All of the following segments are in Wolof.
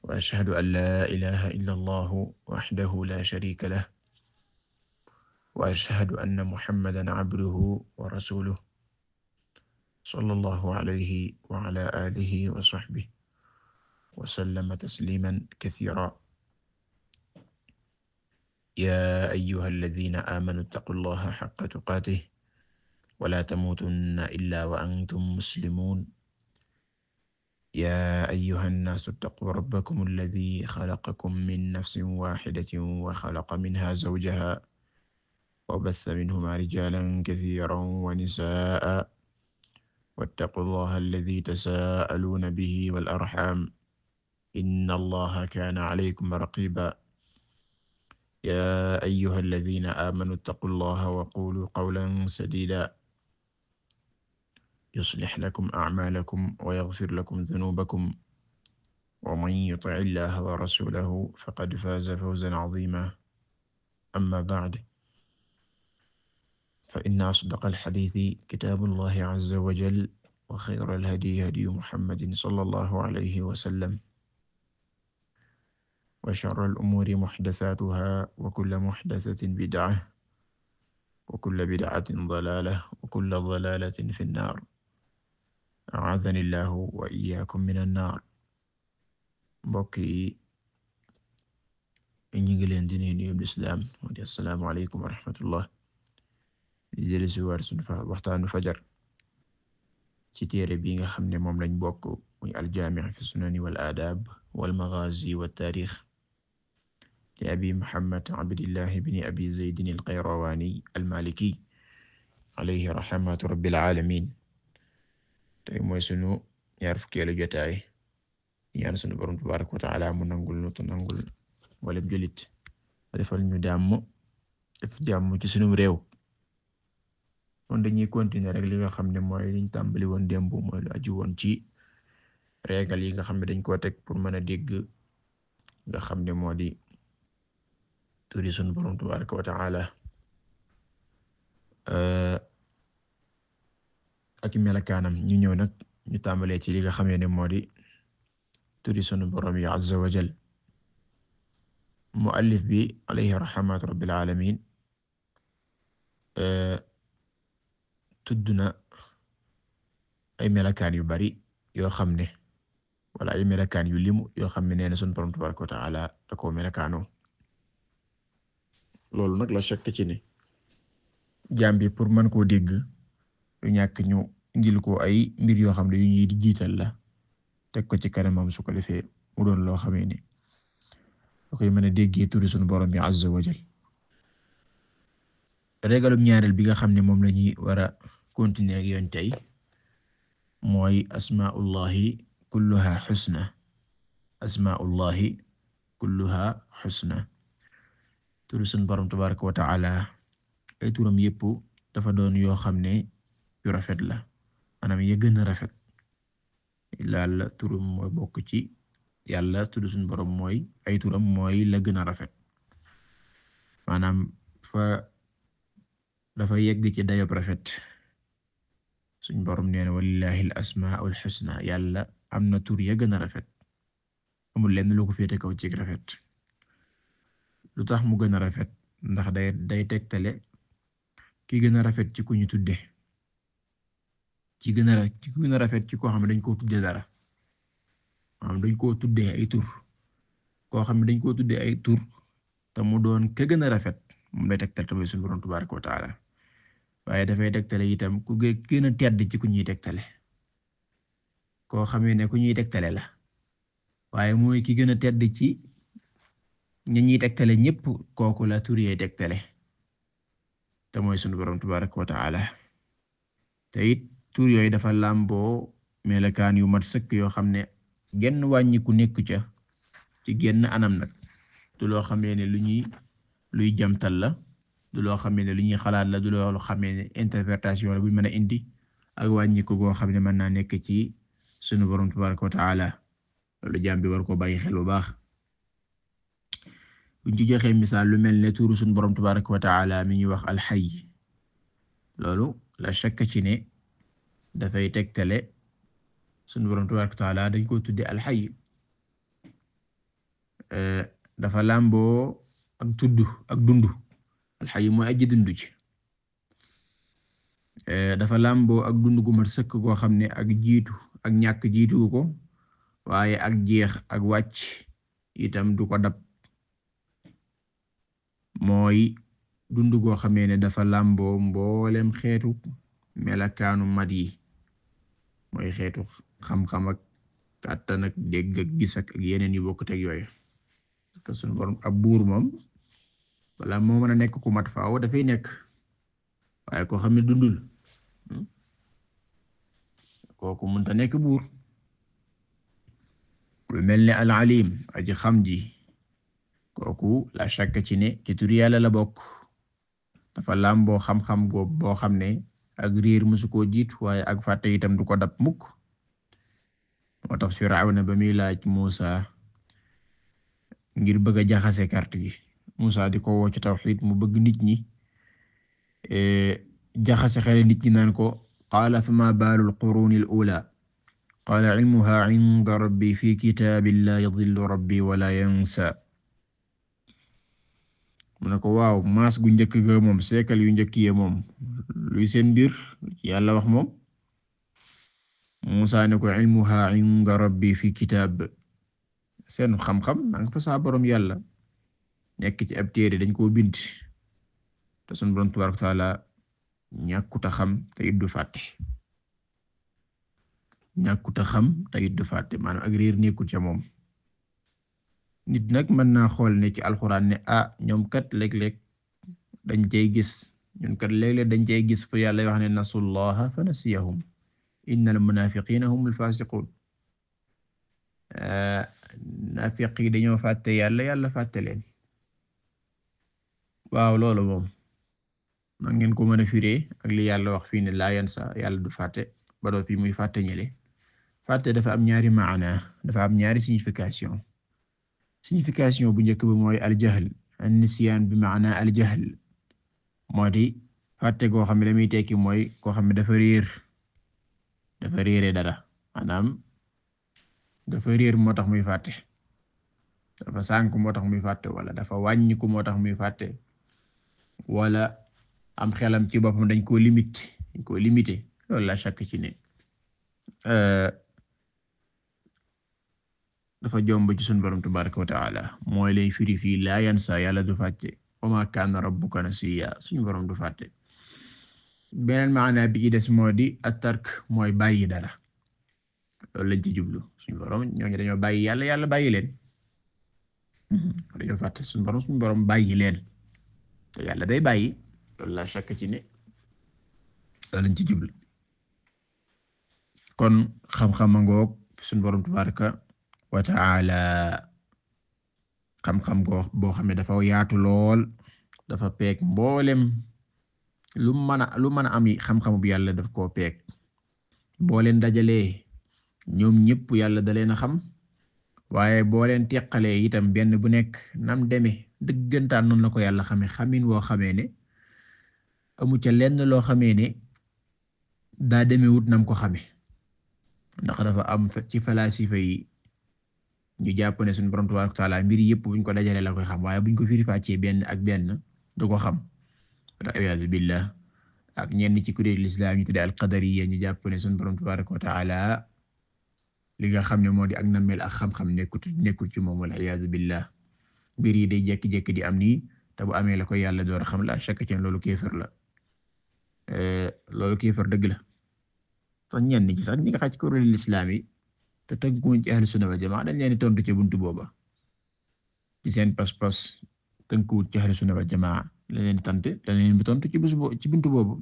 wa ashhadu an laa ilaaha illa allahu wahdahu laa shariika lahu wa ashhadu anna muhammadan abduhu wa rasuluhu sallallahu alayhi wa ala aalihi wa sahbihi wa sallama tasliiman kasiiran yaa ayyuhal laziina aamanuu ittaqullaha haqqa tuqaatihi wa laa tamuutunna illaa wa antum muslimuun يا أيها الناس اتقوا ربكم الذي خلقكم من نفس واحدة وخلق منها زوجها وبث منهما رجالا كثيرا ونساء واتقوا الله الذي تساءلون به والأرحام إن الله كان عليكم رقيبا يا أيها الذين آمنوا اتقوا الله وقولوا قولا سديدا يصلح لكم أعمالكم ويغفر لكم ذنوبكم ومن يطع الله ورسوله فقد فاز فوزا عظيما أما بعد فإن أصدق الحديث كتاب الله عز وجل وخير الهدي هدي محمد صلى الله عليه وسلم وشر الأمور محدثاتها وكل محدثة بدعة وكل بدعة ضلالة وكل ضلالة في النار a'aadani llahu wa iyyakum min an-naar mbokk yi ñu ngi leen di nuyu nuyub lislaam wa assalaamu aleykum wa rahmatullah di dellusi war sunu waxtaanu fajar ci téere bi nga xam ne moom lañ bokk muy al-jaami' fi sunani wal aadaab wal maghaazi wat taariix li abi muhammad abdillah ibni abi zaydin al-qayrawaani al-maaliki alayhi rahmatu rabbil aalamiin tey mooy sunu ñaar fukkeelu jotaay ñaan sunu borom tabaaraka wa ta'aala mu nangul nu te nangul wala jullit defal ñu jàmm def jàmm ci sunu réew kon dañuy continuer rek li nga xam ne mooy liñ tàmbali woon démb mooy lu aju ci régal yi nga xam ne dañ koo teg pour mën a dégg nga xam ne moo di turi sunu borom tabaaraka wa ak melakaanam ñu ñëw nag ñu tàmbalee ci li nga xamee ne moo di turi sunu borom yi azza wa jal muallif bi alayhi rahmatu rabbil alamin eh, tudd na ay melakaan yu bari yoo xam ne wala ay melakaan yu limu yoo xam ne nee na sunu borom tabaraka wa taala da koo loolu nag la chakk ci ne jaam bi pour mën koo dégg lu ñàkk ñu njil ko ay mbir yoo xam ne yu ñuy di jiital la teg ko ci kanamam su ko defee mu doon loo xamee ni da koy mën a déggee turi sunu borom bi azza wa jal ñaareel bi nga xam ne moom la ñuy war a continuer ak yoon tey mooy asmaullahi kulluha xusna asmaullahi kulluha xusna turi sunu borom tabaraka wa taala ay turam yépp dafa doon yoo xam ne yu rafet la maanaam ya gën a rafet yàlla turam mooy bokk ci yàlla tudd suñu borom mooy ay turam mooy la gën a rafet maanaam fa dafa yegg ci dayob rafet suñ borom nee na walillahi al asmaa'ul husna yàlla am na tur ya gën a rafet amul lenn lu ko féete kaw ci rafet lu tax mu gën a rafet ndax day day tegtale ki gën a rafet ci ku ñu tudde ci gën a ci gën a rafet ci koo xam ne dañ koo tuddee dara maanaam dañ koo tuddee ay tur koo xam dañ koo tudde ay tur te mu doon ka gën a rafet moom lay tegtal tamit suñu borom tabaaraka wa taala waaye dafay tegtale itam ku gën tedd ci ku ñuy tegtale koo xamee ne ku ñuy tegtale la waaye mooy ki gën a tedd ci ñi ñuy tegtale ñëpp kooku la tur yee tegtale te mooy suñu borom tabaaraka wa taala te tur yooyu dafa làmboo melekaan yu mat sëkk yoo xam ne genn wàññiku nekku ca ci genn anam nag du loo xamee ne lu ñuy luy jamtal la du loo xamee ne lu ñuy xalaat la du loo xamee ne interprétation la bu mën a indi ak wàññiku goo xam ne mën naa nekk ci sunu borom tabaraka wa taala loolu jaam bi war ko bàyyi xel baax buñ ci joxee lu mel ne tur sunu borom tabaraka wa taala mi ñuy wax alxay loolu la shakk ci ne dafay tegtale sunu borom tabaraka taala dañ ko tudde alxay eh, dafa làmboo ak tudd ak dund alxay mooy aji dund eh, dafa làmboo ak dund gu mat sëkk koo xam ne ak jiitu ak ñàkk jiitu ko waaye ak jeex ak wàcc itam du ko dab mooy dund goo xamee ne dafa làmboo mboolem xeetu melakaanu mat yi moy xeetu xam-xam ak kàttan ak dégg ak gis ak yeneen yu bokkut ak yooyu te ab buur moom wala moo mën a nekk ku mat faaw dafay nekk waaye koo xam ne dundul hmm, kooku mënta nekk buur lu mel ne al alim xam ji kooku la shakk ci ne ci tur yàlla la bokk dafa làmboo xam-xam boo xam ne ak réer mësu koo jiitu ak fàtte itam du ko dab mukk moo tax Firawna ba muy laaj Muusa ngir bëgg a jaxase carte gi Muusa di ko woo ci tawxiid mu bëgg nit ñi e, jaxase xel nit ñi naan ko qaala fama baalul quruunil uulaa qaala ilmuhaa inda rabbi fi kitaabin laa yadillu rabbi wa laa mu ne ko waaw maas gu njëkk ga moom seekal yu njëkk yee moom luy seen mbir yàlla wax moom Musaa ne ko ilmuha inda rabbi fi kitaab seen xam-xam maa fa saa borom yàlla nekk ci ab téere dañ koo bind te sunu borom tabaaraka wa taala ñàkkut xam te it du fàtte ñàkkut a xam te it du fàtte maanaam ak réer moom nit nag mën naa xool ne ci alxuraan ne ah ñoom kat léeg-léeg dañ cey gis ñoom kat dañ cey gis fu yàlla wax ne nasullaha fa nasiyahum innal munafiqina humul fasiqun ah, nafiq yi dañoo fàtte yàlla yàlla fàtte leen waaw loolu moom man ngeen ko mën a firee ak li yàlla wax fii ne laa yansa yàlla du fàtte ba doo fi muy fàtte fàtte dafa am ñaari maana dafa am ñaari signification signification bu njëkk bi mooy aljahl an nisyaan bi maana aljahl moo di fàtte koo xam ne la muy tekki mooy koo xam ne dafa réer dafa réere dara maanaam dafa réer moo tax muy fàtte dafa sànk moo tax muy fàtte wala dafa wàññiku moo tax muy fàtte wala am xelam ci boppam dañ ko limite dañ koo limité loolu la chàkk ci ne euh, dafa jomb ci sunu borom tabaraka wa mooy lay firi fii laa yansa du fàtte wa ma kaana rabbuka nasiya sunu borom du fàtte beneen maana bi ci des moo di at-tark mooy bàyyi dara loolu lañ ci jublu sunu borom ñooñu dañoo bàyyi yàlla yàlla bàyyi leen mm-hmm. dañoo fàtte sunu borom sunu borom bàyyi leen yàlla day bàyyi loolu la shakk ci ne loolu lañ ci jublu kon xam-xam ngoog sunu borom tabaraka wa taala xam-xam goo boo xam ne dafa yaatu lool dafa peeg boolem lu mën lu mën a am xam-xamu bu yàlla daf koo peeg boo leen dajalee ñoom ñëpp yàlla da leen a xam waaye boo leen teqalee itam benn bu nekk nam deme dëggantaan noonu la ko yàlla xame xamin woo xamee ne amu ca lenn loo xamee ne daa deme wut nam ko xame ndax dafa am ci falasifa yi ñu jàpp ne suñu borom tabaaraka taala mbir yëpp buñ ko dajalee la koy xam waaye buñ ko firi fàccee benn ak benn du ko xam waliyaadu billah ak ñenn ci kuréel lislaam ñu tudde al qadariyya ñu jàpp ne suñu borom tabaaraka taala li nga xam ne moo di ak namel ak xam-xam nekkut nekkul ci moom waliyaadu billah mbir yi day jékki-jékki am nii te bu amee la koy yàlla door xam la chaque ci loolu kéefar la eh, loolu kéefar dëgg la sax lislaam yi te tënkuwuñ ci ahlu sunna wal jamaa dañ leen di tontu ci buntu booba ci seen pas-pas tënkuwut ci ahlu sunna wal jamaa la leen tante dañ leen di tontu ci bés ci buntu boobu.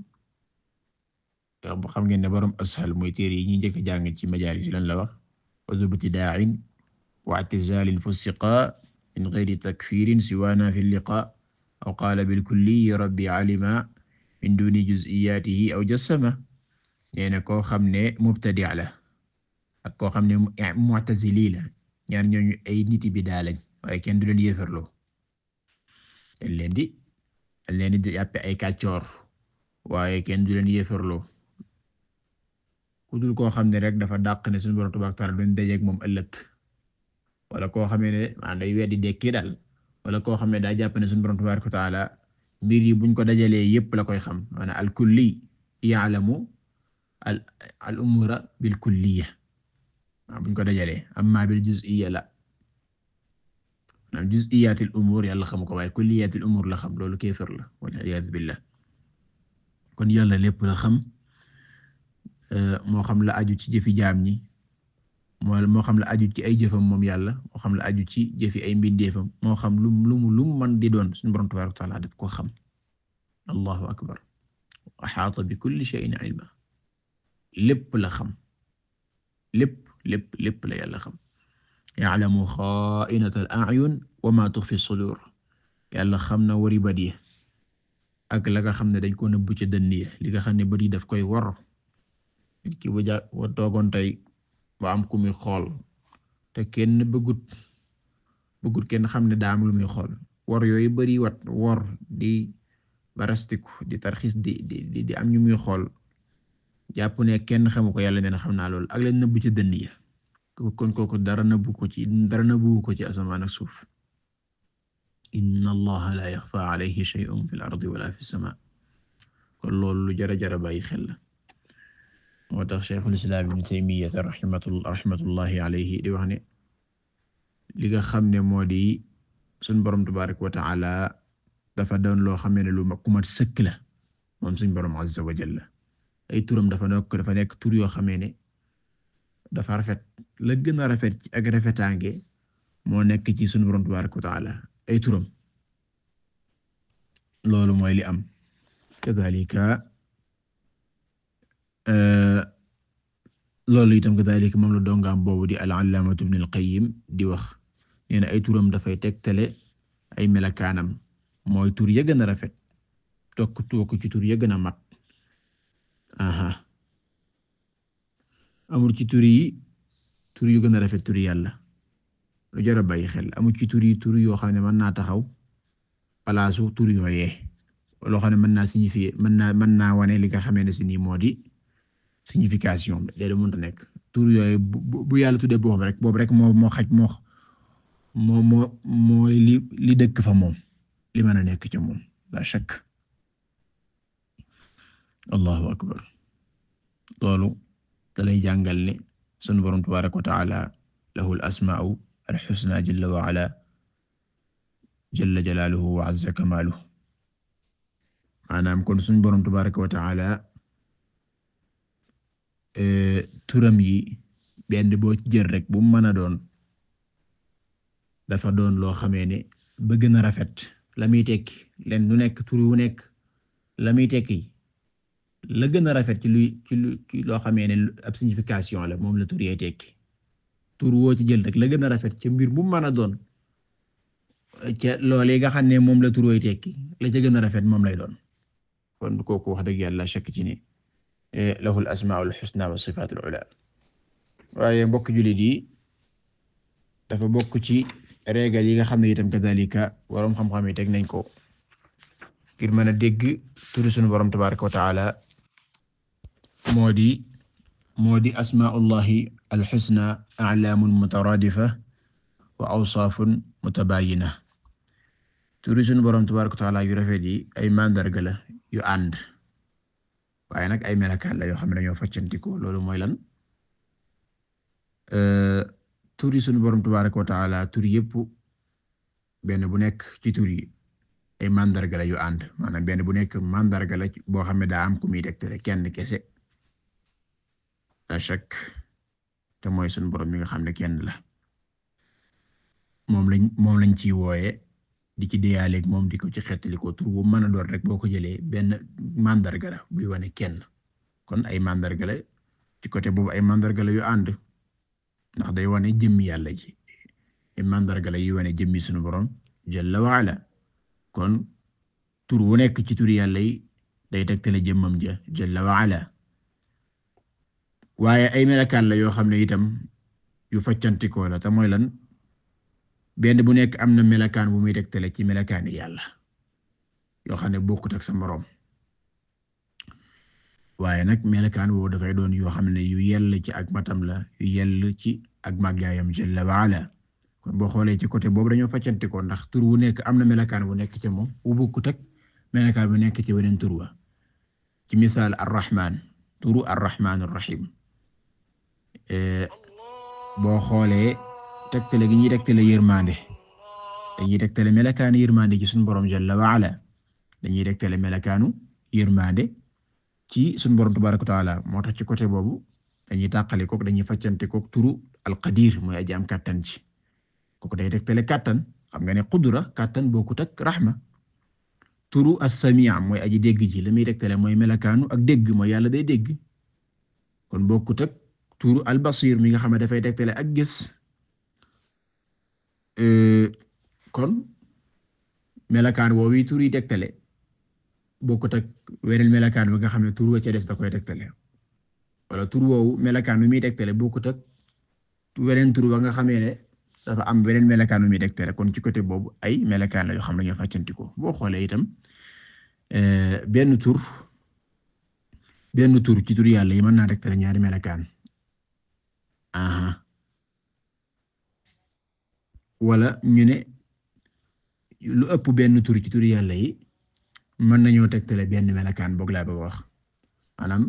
bu xam ngeen ne borom ashal mooy téere yi ñuy njëkk a jàng ci majaalis lan la wax wa zubtidaa'in wa i'tizaalil fussiqaa min ghayri takfiirin siwaanaa fi liqaa aw qaala bil kulli rabbi alima min duuni juz'iyaatihi aw jassama nee na koo xam ne mubtadi' la ak koo xam ne mu eh, mu'tazili la ñaar ñooñ ay niti bi daa lañ waaye kenn du leen yéefarloo dañ leen di dañ leen di jàppe ay kàccoor waaye kenn du leen yéefarloo ku dul koo xam ne rek dafa dàq ne suñu borom tabaaraka ta'aala duñ dajeek moom ëllëg wala koo xame ne maanaam day weddi dekki daal wala koo xam ne daa jàpp ne suñu borom tabaaraka ta'aala mbir yi buñ ko dajalee yépp la koy xam maanaam al kulli ya'lamu al al umura bil buñ ko dajalee amma bil juz'iyya la maanaam juz'iyyatil umuur yàlla xamu ko waaye kulliyatil umuur la xam loolu kéefër la wal iyaadu billah kon yàlla lépp la xam eh, moo xam la aju ci jëfi jaam ñi moo xam la aju ci ay jëfam moom yàlla moo xam la aju ci jëfi ay mbindeefam moo xam lu mu lu man di doon suñu borom tabaaraka wa ta'aala daf koo xam allahu akbar ahaata bi kulli shay'in ilma lépp la xam lépp lépp lépp la yàlla xam ya'lamu xaa'inata al-a'yun wa ma tukhfi as-sudur yàlla xam na wari bët yi ak laga xam ne dañ ko nëbbu ci dënn ni li nga xam ne bët yi daf koy war ki bu ja wa toogoon tey ba am ku muy xool te kenn bëggut bëggut kenn xam ne daa am lu muy xool war yooyu bari wat war di barastiku di tarxis di di am ñu muy xool jàpp ne kenn xamu ko yàlla ne xam naa loolu ak len na ci dënn ya kon kooku dara na ko ci dara nëbbu ko ci asamaan ak suuf inna allaha la yaxfa alayhi shay'un fil ardi wala fis samaa kon loolu lu jara jara bàyyi xel la moo tax cheikhul islam ibn taymiyya rahmatullah rahmatullahi alayhi di wax ne li nga xam ne moo di suñ borom tabaaraka wa ta'ala dafa doon loo xam ne lu ma kumat sëkk la moom suñ azza wa ay turam dafa nekk dafa nekk tur yoo xamee ne dafa rafet la gën a rafet ci ak moo nekk ci sunu borom tabaaraka wa ay turam loolu mooy li am kadhalika euh, loolu itam kadhalika moom la dongaam boobu di al-allaamatu ibn al-qayyim di wax nee na ay turam dafay tele ay melakaanam mooy tur ya gën a rafet tokk tokk ci tur ya gën a mat amul ci tur yi tur yu gën a rafet tur yàlla lu jar a bàyyi xel amul ci tur yi turi yoo xam ne mën naa taxaw palaasu tur yee loo xam ne mën naa signifier mën naa mën naa wane li nga xamee ne si nii moo di signification bi léeg-léeg nekk tur yooyu bu bu yàlla tuddee boobu rek boobu rek moo moo xaj moo moo moo mooy li li dëkk fa moom li mën a nekk ca moom la chaque. allahu akbar loolu dalay jàngal ne sunu boroom tabaaraka wa taala lahu al-asmaa'u al-husnaa jalla wa ala jalla jalaaluhu wa azza kamaaluhu maanaam kon sunu boroom tabaaraka wa taala e, turam yi benn bo ci jël rek bu mën a doon dafa doon loo xamee ne bëgg na rafet la muy tekki leen lu nekk tur wu nekk la muy tekki la gën a rafet ci luy ci lu ci loo xamee ne ab signification la moom la tur yay tekki tur woo ci jël rek la gën a rafet ca mbir mu mën a doon ca loolu yi nga xam ne moom la tur yay tekki la ca gën a rafet moom lay doon kon kooku wax dëgg yàlla shakk ci ni e, lahu al asmaul xusna wa sifatul ula waaye mbokk jullit yi dafa bokk ci ga yi nga xam ne itam kadalika waroom xam-xam yi teg nañ ko ngir mën a dégg turu sunu borom wa taala moo di moo di asmaullahi alxusna alaamun mutaradifa wa awsaafun mutabayina turi sunu boroom tabaraka wa yu rafet yi ay mandarga yu ànd waaye nag ay melakaan la yoo xam ne dañoo faccantikoo loolu mooy lan euh, turi sunu boroom tabaraka wa turi yëpp benn bu nekk ci tur ay mandarga yu ànd maanaam benn bu nekk mandarga la boo xam ne daa am ku muy tegtale kenn kese chaque te mooy sunu borom mi nga xam ne kenn la moom lañ moom lañ ciy wooye di ci deyaaleeg moom di ko ci xettali ko tur bu mën a doon rek boo ko jëlee benn mandarga bu buy wane kenn kon ay mandarga la ci côté boobu ay mandarga yu ànd ndax day wane jëmm yàlla ji ay mandarga la wane jëmmi sunu borom jalla wa ala kon tur wu nekk ci tur yàlla yi day tele jëmmam ja jalla wa ala waaye ay melakaan la yoo xam ne itam yu faccantikoo la ta mooy lan benn bu nekk am na melakaan bu muy tegtale ci melakaani yàlla yoo xam ne bokkut sa moroom waaye nag melakaan woo dafay doon yoo xam ne yu yell ci ak matam la yu yell ci ak màggaayam jalla waala kon boo xoolee ci côté boobu dañoo faccantikoo ndax tur wu nekk am na melakaan bu nekk ci moom bu bokkut ak melakaan bu nekk ci weneen tur wa ci misaal ar-Rahmaan turu ar-Rahmaan Eh, boo xoolee tegtale gi ñuy tegtale yërmande dañuy tele melakaanu yërmande ci suñu borom jalla wa ala dañuy tegtale melakaanu yërmande ci suñu borom tabaraka wa moo tax ci côté boobu dañuy tàqale kook dañuy faccante kook turu alqadir mooy aji am kàttan ci kooku day tegtale kàttan xam nga ne qudra kàttan bokkut ak rahma turu as-sami'a mooy aji dégg ji la muy tegtale mooy melakaanu ak dégg mooy yàlla day dégg kon bokkut ak tuuru albasir mi nga xam ne dafay tegtale ak gis euh, kon melakaan woowu yi tuur yi tegtale bokkut ak weneen melakaan bi nga xam ne tuur wa ca des da koy tegtale wala tuur woowu melakaan bi muy tegtale bokkut ak weneen tuur wa nga xamee ne dafa am weneen melakaan mi muy tegtale kon ci côté boobu ay melakaan la yoo xam ne ñoo fàccanti ko boo xoolee itam euh, benn tur benn tur ci tur yàlla yi mën naa tegtale ñaari melakaan. aha wala ñu ne lu ëpp benn tur ci turi yàlla yi mën nañoo tegtale benn melakaan boog laa bëgg wax maanaam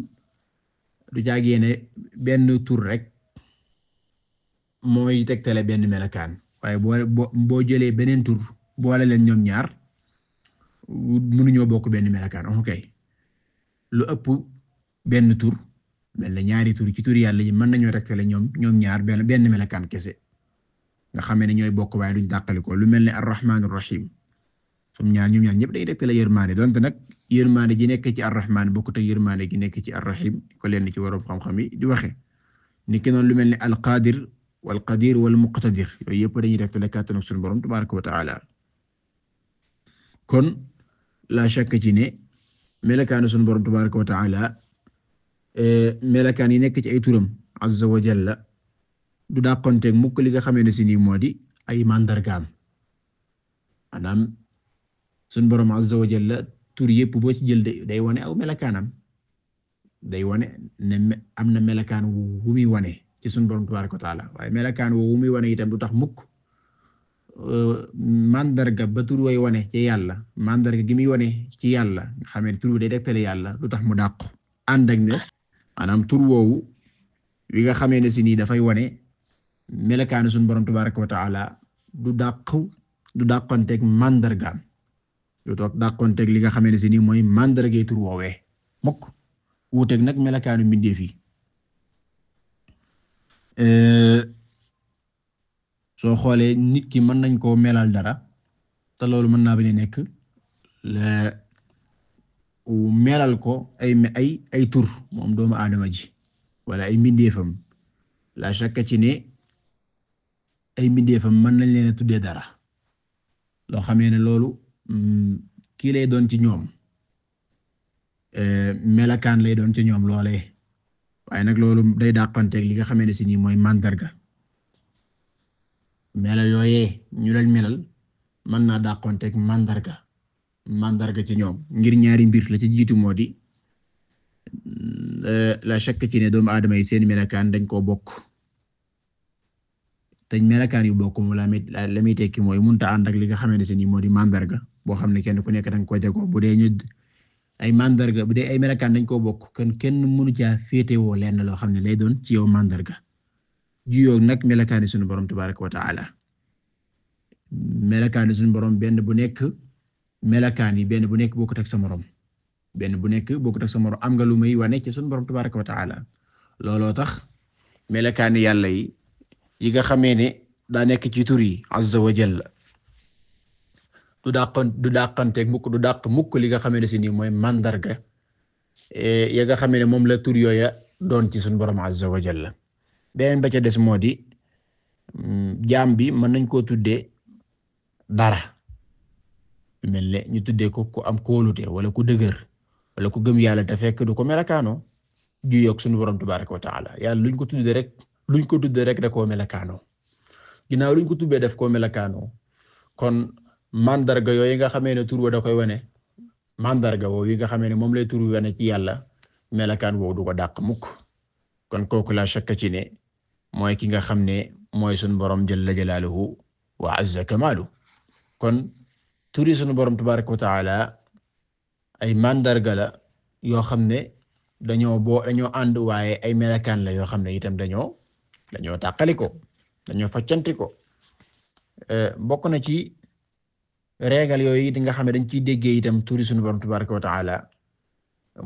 du jaagee ne benn tur rek mooy tegtale benn melakaan waaye boo boo jëlee beneen tur boole leen ñoom ñaar mënuñoo bokk benn melakaan ok lu ëpp benn tur. mel ne ñaari tur ci tur yàlla yi mën nañoo tegtale ñoom ñoom ñaar benn benn melakaan kese nga xamee ne ñooy bokk waaye duñ dàqali lu mel ne arrahman arrahim som ñaar ñoom ñaar ñëpp day tegtale yërmaane donte nag yërmaane ji nekk ci bokk bokkut ak yërmaane gi nekk ci arrahim ko leen ci waroom xam-xam yi di waxe ni ki lu mel ne alqadir wal qadir wal muqtadir yooyu yëpp dañuy tegtale kàttanu suñu borom tabaraka wa taala kon la shakka ci ne melakaanu suñu borom tabaraka wa taala Eh, melakaan yi nekk ci ay turam azza wa jalla du dàqonteeg mukk li nga xamee ne si nii moo di ay mandargaam maanaam sun borom azza wa jalla tur yëpp boo ci jël day wane aw melekaanam day wane ne am na melakaan wu muy wane ci sun borom tabaaraka wa waaye melakaan wu muy wane itam du tax mukk eh, mandarga ba tur way wane ci yàlla mandarga gi muy wane ci yàlla nga xam tur bi day dektale yàlla lu tax mu dàqu ànd ak ne maanaam tur woowu wi nga xamee ne si nii dafay wane melakaani suñu borom tabaraka wa taala du dàq du dàqonteeg mandargaam du toog dàqonteeg li nga xamee ne si nii mooy mandargay tur woowee mukk wuuteeg nag melakaanu mbindeef euh, soo xoolee nit ki mën nañ koo melal dara te loolu mën naa bañ nekk melal ko ay ay moom doomu aadama ji wala ay mbindeefam la shakka ci ne ay mbindeefam mën nañ leen a tuddee dara loo xamee ne loolu mm, kii lay doon ci ñoom eh, melakaan lay doon ci ñoom loolee waaye nag loolu day dàqanteeg li nga xamee ne si nii mooy mandarga melal yooyee ñu leen melal mën naa dàqanteeg mandarga. mandarga ci ñoom ngir ñaari mbir la ci jiitu moo di euh, la shakk ci ne doomu aadama yi seeni melakaan dañ koo bokk te melakaan yu bokk mu la la muy tekki mooy munta ànd ak li nga xamee ne seen yi moo di mandarga boo xam ne kenn ku nekk danga koo jagoo bu dee ñu ay mandarga bu dee ay melakaan dañ koo bokk kon kenn mënu caa féetewoo lenn loo xam ne lay doon ci yow mandarga juyoo nag melakaani sunu borom tabaraka wa taala melakaani sunu borom benn bu nekk. melakaan yi benn bu nekk bokkut teg sa morom benn bu nekk bokkut ak sa morom am nga lu muy wane ci sunu borom tabaaraka wa taala looloo tax melakaani yàlla yi yi nga xamee ne daa nekk ci tur yi azza wa jalla du dàqan du dàqanteeg mukk du dàq mukk li nga xamee si nii mooy mandarga eh, ya nga xamee ne moom la tur yooya doon ci sunu borom azza wa jalla beneen ba ca des moo di mm, jaam bi mën nañ koo tuddee dara. mel ne ñu tuddee ko ku am kóolute wala ku dëgër wala ku gëm yàlla te fekk du ko melakaano ju yokk suñu borom tabaaraka wa taala yàlla luñ ko tuddee rek luñ ko tuddee rek da koo melakaano ginnaaw luñ ko tuddee def koo melakaano kon mandarga yooyu nga xamee ne tur wa da koy wane mandarga woowu yi nga xamee ne moom lay tur wane ci yàlla melakaan woowu du ko dàq mukk kon kooku laa shakka ci ne mooy ki nga xam ne mooy suñu borom jalla jalaaluhu wa azza kamaalu kon turi sunu borom tabaraka wa taala ay mandarga la yoo xam ne dañoo boo dañoo ànd waaye ay melakaan la yoo xam ne itam dañoo dañoo tàqaliko dañoo faccanti ko eh, bokk na ci régal yooyu it nga xam ne dañ ciy déggee itam turi sunu borom tabaraka wa taala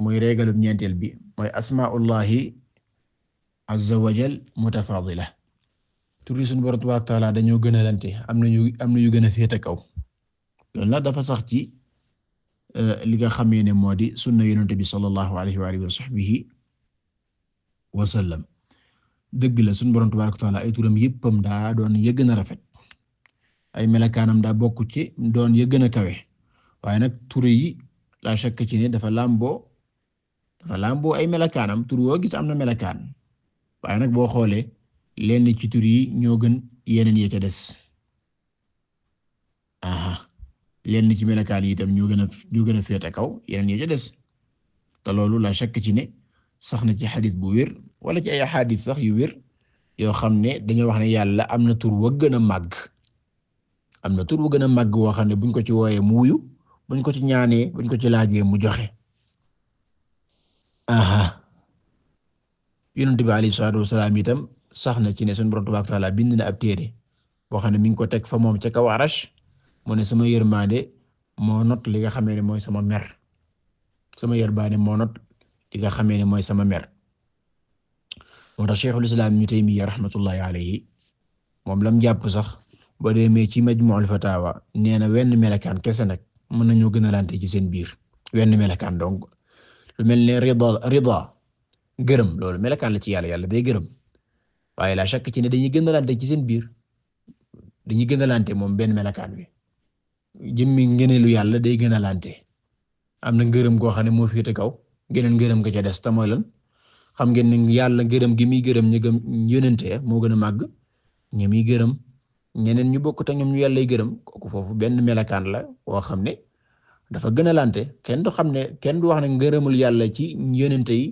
muy régalum ñeenteel bi mooy asmaullahi azza wajal mutafadila turi sunu borom tabaraka wa taala dañoo gën a lante am na ñu am na gën a féete kaw loolu la dafa sax ci euh, li nga xamee ne moo di sunna yonent bi sallallahu alayhi wa alihi wa sahbihi wa sallam dëgg la suñu borom tabaaraka ay turam yëppam daa doon yëgg na rafet ay melakaanam daa bokk ci doon yëgg na kawe waaye nag tur yi laa shakk ci ne dafa làmboo dafa làmboo ay melakaanam tur woo gis am na melakaan waaye nag boo xoolee lenn ci tur yi ñoo gën yeneen yi ca des yenn ci melokaan yi itam ñoo gën a ñoo gën a féete kaw yeneen yi ca des te loolu la shakk ci ne sax na ci xadis bu wér wala ci ay xadis sax yu wér yoo xam ne dañoo wax ne yàlla am na tuur wa gën a màgg am na tur wa gën a màgg woo xam ne buñ ko ci wooyee mu wuyu ko ci ñaanee buñ ko ci laajee mu joxe aha yonent bi alayhi salaatu wasalaam itam sax na ci ne sunu Boroom tabaaraka wa taala bind na ab téere boo xam ne mi ngi ko teg fa moom ca kaw arash mu ne sama yërmande moo not li nga xamee ne mooy sama mer sama yërmande moo not li nga xamee ne mooy sama mer moo tax Cheikhul Islam Ibn Taymiyya rahmatullahi alayhi moom lam jàpp sax boo demee ci Majmu'ul Fatawa nee na wenn melakaan kese nag mën nañoo gën a lante ci seen biir wenn melakaan donc lu mel ne rida rida gërëm loolu melakaan la ci yàlla yàlla day gërëm waaye la chàkk ci ne dañuy gën a lante ci seen biir dañuy gën a lante moom benn melakaan wi jëmmi ngëneelu yàlla day gën a lante am na ngërëm goo xam ne moo féete kaw geneen ngërëm ga ca des te lan xam ngeen ne yàlla ngërëm gi muy gërëm ñu gëm yonente moo gën a màgg ñi muy gërëm ñeneen ñu bokk te ñoom ñu yàllay gërëm kooku foofu benn melakaan la woo xam ne dafa gën a lante kenn du xam ne kenn du wax ne ngërëmul yàlla ci yonente yi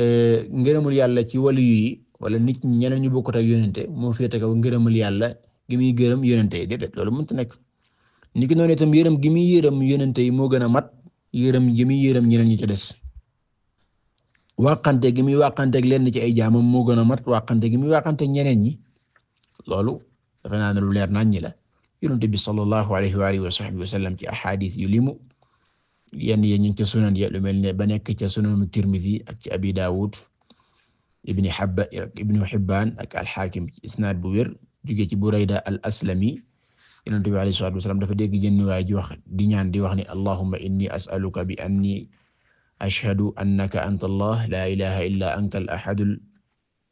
euh, ngërëmul yàlla ci waliyu yi wala nit ñeneen ñu bokkut ak moo féete kaw ngërëmul yàlla gi muy gërëm yonente yi déedéet loolu mënta nekk niki noonu itam yërëm gi muy yërëm yonente yi moo gën a mat yërëm gi muy yërëm ñeneen ñi ci des wàqante gi muy wàqanteeg lenn ci ay jaamam moo gën a mat wàqante gi muy wàqanteeg ñeneen ñi loolu dafa naa ne lu leer nañ ñi la yonente bi sallallahu alayhi wa alihi wa sahbihi wa sallam ci ahadis yu limu yenn yi ñu ngi ci sunan ya lu mel ne ba nekk ca sunan Tirmidhi ak ci Abi Dawud ibni Hibban ibni Hibban ak al-Hakim ci isnaad bu wér jóge ci Burayda al-Aslami yonent bi alayhi salaatu wasalaam dafa dégg jenn waay ji wax di ñaan di wax ni allahumma inni as'aluka bi anni ashhadu annaka anta allah la ilaha illa anta al-ahadu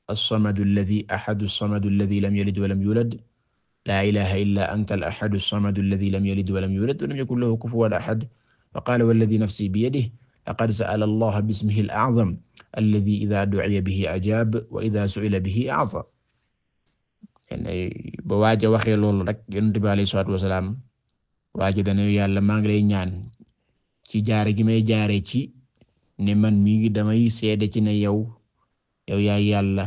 as-samadu alladhi ahadu as-samadu alladhi lam yalid wa lam yulad la ilaha illa anta al-ahadu as-samadu alladhi lam yalid wa lam yulad wa lam yakul lahu kufuwan ahad fa qaala walladhi nafsi biyadihi laqad sa'ala allaha bismihi al-a'zam alladhi idha du'iya bihi ajaba wa idha su'ila bihi a'ta ba waaja waxee loolu rek yonent bi alayhi salaatu wasalaam waaja dana yàlla maa ngi lay ñaan ci jaare gi may jaare ci ne man mii damay seede ci ne yow yow yaay yàlla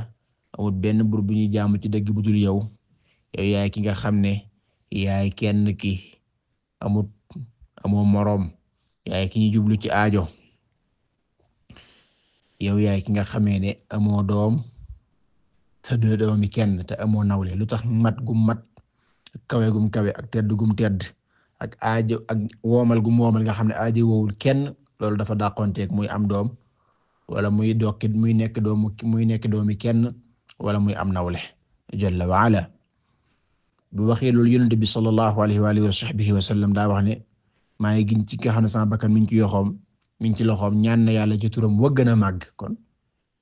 amul benn bur bu ci dëgg bu dul yow yow yaay ki nga xam ne yaay kenn ki amut amoo moroom yaay ki ñu jublu ci aajo yow yaay ki nga xamee ne amoo doom sa du doomi kenn te amoo nawle lu tax mat gum mat kawe gum kawe ak tedd gum tedd ak aajo ak woomal gum woomal nga xam ne aajo woowul kenn loolu dafa dàqonteeg muy am doom wala muy dokki muy nekk doomu muy nekk doomi kenn wala muy am nawle jalla wa ala bu waxee loolu yonent bi sallallahu alayhi wa alihi wa sahbihi wa sallam daa wax ne maa ngi ci nga xam ne sama bakkan mi ngi ci yoxoom mi ngi ci loxoom ñaan na yàlla ci turam wa gën a màgg kon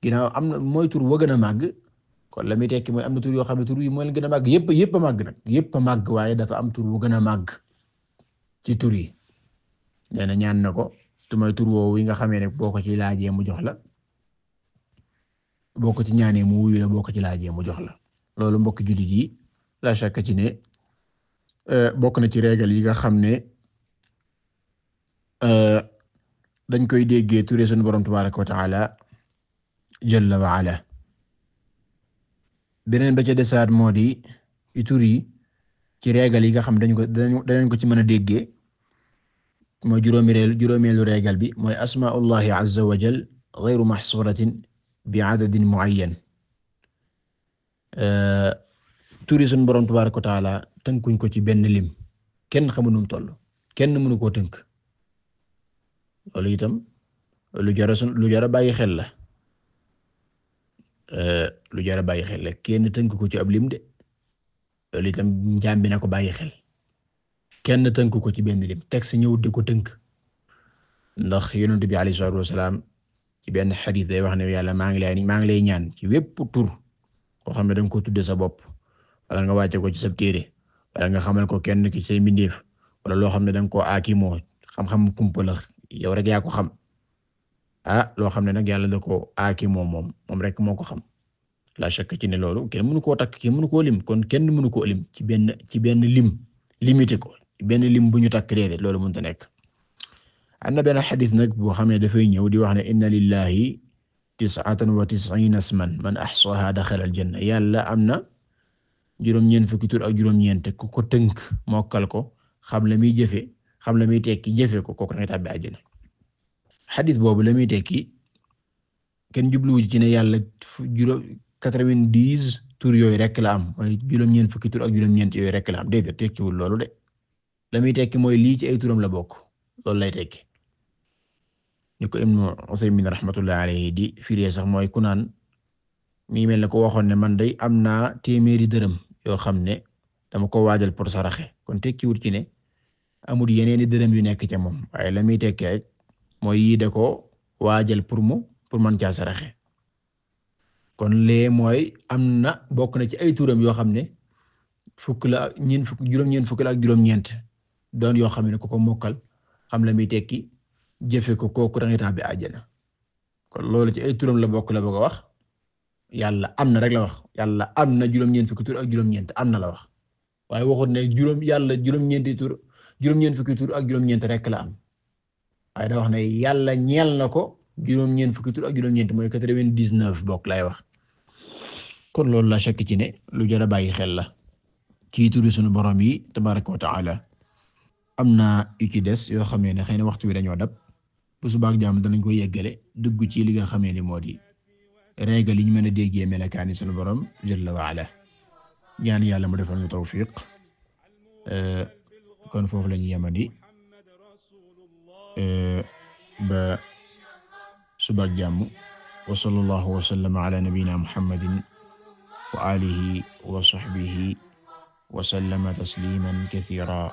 ginnaaw am na mooy gën a màgg kon la muy tekki mooy am na tur yoo xam ne tur yi moo leen gën a màgg yëpp yëpp a màgg nag yëpp waaye dafa am tur bu gën a màgg ci tur yi nee na ñaan na ko te mooy tur woowu yi nga xamee ne boo ko ci laajee mu jox la boo ci ñaanee mu wuyu ko ci laajee mu jox la loolu mbokk jullit yi la chaka ci ne euh, bokk na ci régal yi nga xam ne euh, dañ koy déggee turé sunu borom tabaraka wa taala jalla wa ala beneen ba ca desaat moo di itur yi ci régal yi nga xam dañ ko danañ ko ci mën a déggee mooy juróomi juróomeelu régal bi mooy asmaullahi azza wa jal ghayru mahsuratin bi adadin muayyan euh, turi sun borom tabaaraka wa taala tënkuñ ko ci benn lim kenn xamunum toll kenn mënu koo tënk loolu itam lu jara sun lu jara bàyyi xel la Euh, lu jar a bàyyi xel la kenn tënk ko ci ab lim de loolu tam njaam bi na ko bàyyi xel kenn tënk ko ci benn lim teg si ñëw di ko tënk ndax yonent bi alayhi salaatu ci benn xadiis day wax ne yàlla maa ngi lay maa ngi lay ñaan ci wépp tur koo xam ne da nga ko tudde sa bopp wala nga wàcce ko ci sa téere wala nga xamal ko kenn ki say mbindeef wala loo xam ne da ko koo aakimoo xam-xam kumpa la yow rek yaa xam. ah loo xam ne nag yàlla da ko aaki moom moom moom rek moo ko xam la shakk ci ne loolu kenn mënu koo takk kenn mënu koo lim kon kenn mënu koo lim ci benn ci benn lim limité ko benn lim bu ñu takk déedéet loolu mënut a nekk. am na benn xadis nag boo xam ne dafay ñëw di wax ne inna lillahi tis'atan wa tis'ina isman man ahsaha daxala aljanna yàlla am na juróom-ñeent fukki tur ak juróom-ñeent ku ko tënk mokal ko xam la muy jëfe xam la muy tekk jëfe ko kooku nga a àjjana xadis boobu la muy tekki kenn jubluwu ci ne yàlla juróom quatre-vingt-dix tur yooyu rek la am mooy juróom-ñeent fukki tur ak juróom-ñeent yooyu rek la am dégg nga tekkiwul loolu de la muy tekki mooy lii ci ay turam la bokk loolu lay tekki ni ko Ibnu Usaymin rahmatullahi alayhi di firi sax mooy ku naan mi mel ne ko waxoon ne man day am naa téeméeri dërëm yoo xam ne dama ko waajal pour saraxe kon tekkiwul ci ne amul yeneen i dërëm yu nekk ca moom waaye la muy tekki mooy yii de ko waajal pour mu pour man caa saraxe kon lee mooy am na bokk na ci ay turam yoo xam ne fukk la ñeen fukk juróom-ñeent fukk la ak juróom-ñeent doon yoo xam ne ku ko mokkal xam la muy tekki jëfe ko kooku da ngay tàbbi àjjana kon loolu ci ay turam la bokk la bëgg a wax yàlla am na rek la wax yàlla am na juróom-ñeent fukki tur ak juróom-ñeent am na la wax waaye waxut ne juróom yàlla juróom-ñeenti tur juróom-ñeent fukki tur ak juróom-ñeent la am waaye da wax ne yàlla ñeel na ko juróom-ñeent fukki tur ak juróom-ñeent mooy quatre-vingt-dix-neuf bokk lay wax kon loolu la shakk ci ne lu jar a bàyyi xel la ci turi sunu borom yi tabaraka wa taala am na yu ci des yoo xamee ne xëy na waxtu wi dañoo dab bu subaa ak jàmm danañ koy yeggale dugg ci li nga xamee ni moo di réega liñ mën a déggee melakaani sunu borom jalla wa ala ñaan yàlla mu defal ñu tawfiq eh, kon foofu la ñu yemandi Eh, ba subaak jàmm wa sallallahu wa sallama ala nabiyyina muhammadin wa alihi wa sahbihi wa sallama tasliman kathira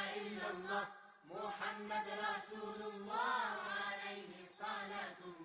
محمد رسول الله عليه الصلاة والسلام